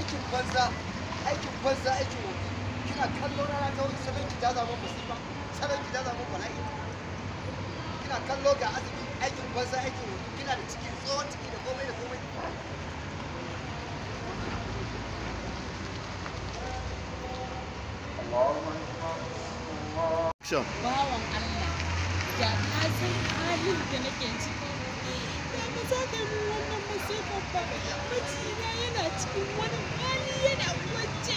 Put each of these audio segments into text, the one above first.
aikin banza aikin banza aikin wani kina kallo rana ta wani sabon ki ta zama musiba sabon ki ta zama bala'i kina kallo ga azumi aikin banza aikin wani kina da ciki tsohon ciki da komai da komai Bawan Allah, ya na halin da nake ciki, eh, ya ba abba mijina yana cikin wani hali yana kwance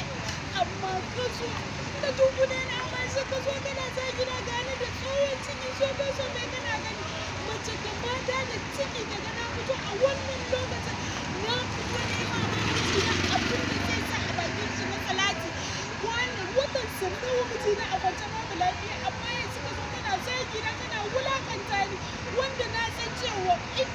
amma ka zo ka dubu da na amsa ka zo kana gida gani da tsohon ciki so ka so ka kana gani mace da mata da ciki daga na fito a wannan lokacin na fito ne ma mijina abin da zai sa a bakin shi na salati wannan watan sun dawo mijina a kwance babu lafiya amma yanzu ka zo kana sa gida kana wulakanta ni wanda na san cewa in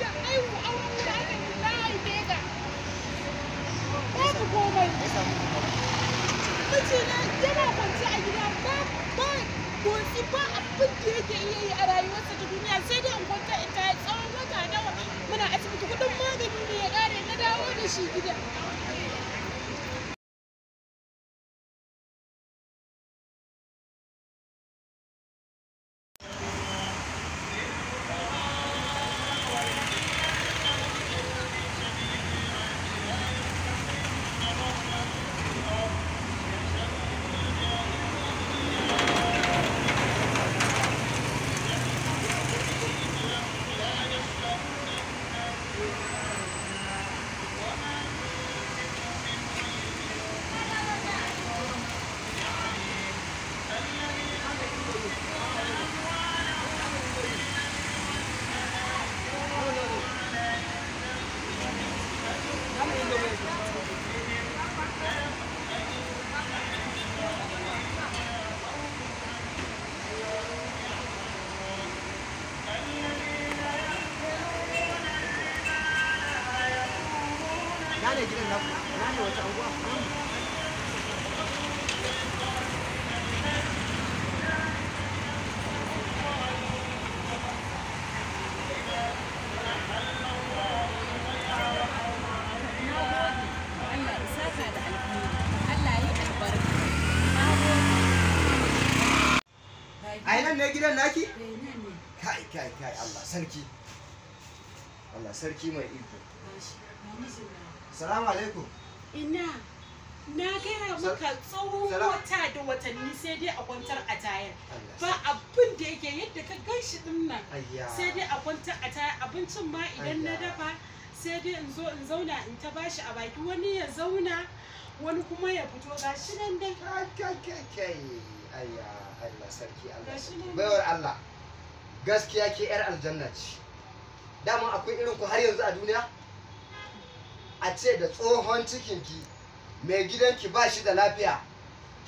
是的。ina ne gidan naku ina ne wata anguwa a nan gidan naki? Eh, kai kai kai Allah sarki Allah sarki mai iko Salamu alaikum. Ina, na gaya maka tsohon wata da watanni sai dai a kwantar a tayar. Ba abin da yake yadda ka gan shi din nan. Sai dai a kwantar a tayar abincin ma idan na dafa sai dai in zo in zauna in ta bashi a baki wani ya zauna wani kuma ya fito ga shi nan dai. Allah sarki Allah. Baiwar Allah. Gaskiya ke 'yar aljanna ce. Dama akwai irin ku har yanzu a duniya? a ce da tsohon cikinki mai gidanki ba shi da lafiya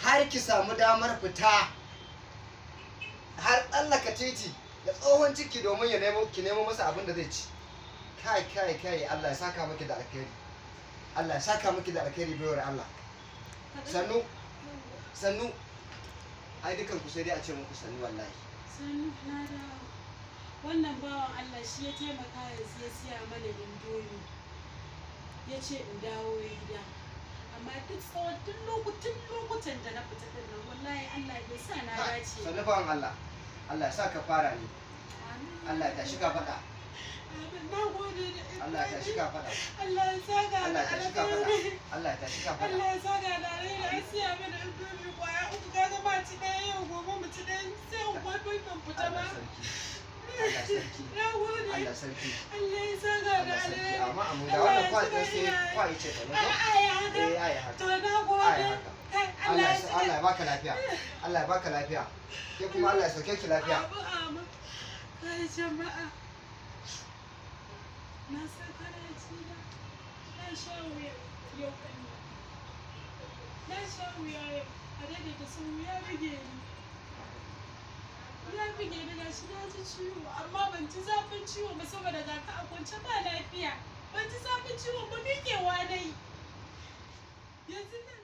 har ki samu damar fita har tsallaka titi da tsohon ciki domin ya nemo ki nemo masa abin da zai ci kai kai kai Allah ya saka miki da alkhairi Allah ya saka miki da alkhairi bayar Allah sannu sannu ai dukan ku sai dai a ce muku sannu wallahi sannu na da wannan bawan Allah shi ya taimaka ya siya mana indomi Yace ce in dawo gida amma duk tsawon tun lokutan lokutan da na fita din nan wallahi Allah ya sa na dace sanufan Allah Allah ya sa fara ne Allah ya tashi ka fada Allah ya tashi ka fada Allah ya saka Allah ya tashi ka Allah ya tashi ka Allah ya saka da rai da asiya mana alfahari kwaya uku kaga ba ci ɗaya yau gobe mu ci ɗaya sai fita ba Allah sarki ya da wannan sai haka Allah ya baka lafiya Allah ya baka lafiya ke kuma Allah ya sauke ki lafiya kai jama'a na saka da ci na sha wuya yau na sha wuya a sun wuya ni ya daga shi na ji ciwo amma ban ci zafin ciwo ba saboda ga ka a kwance ba lafiya ban ci zafin ciwo ba miƙewa na yanzu nan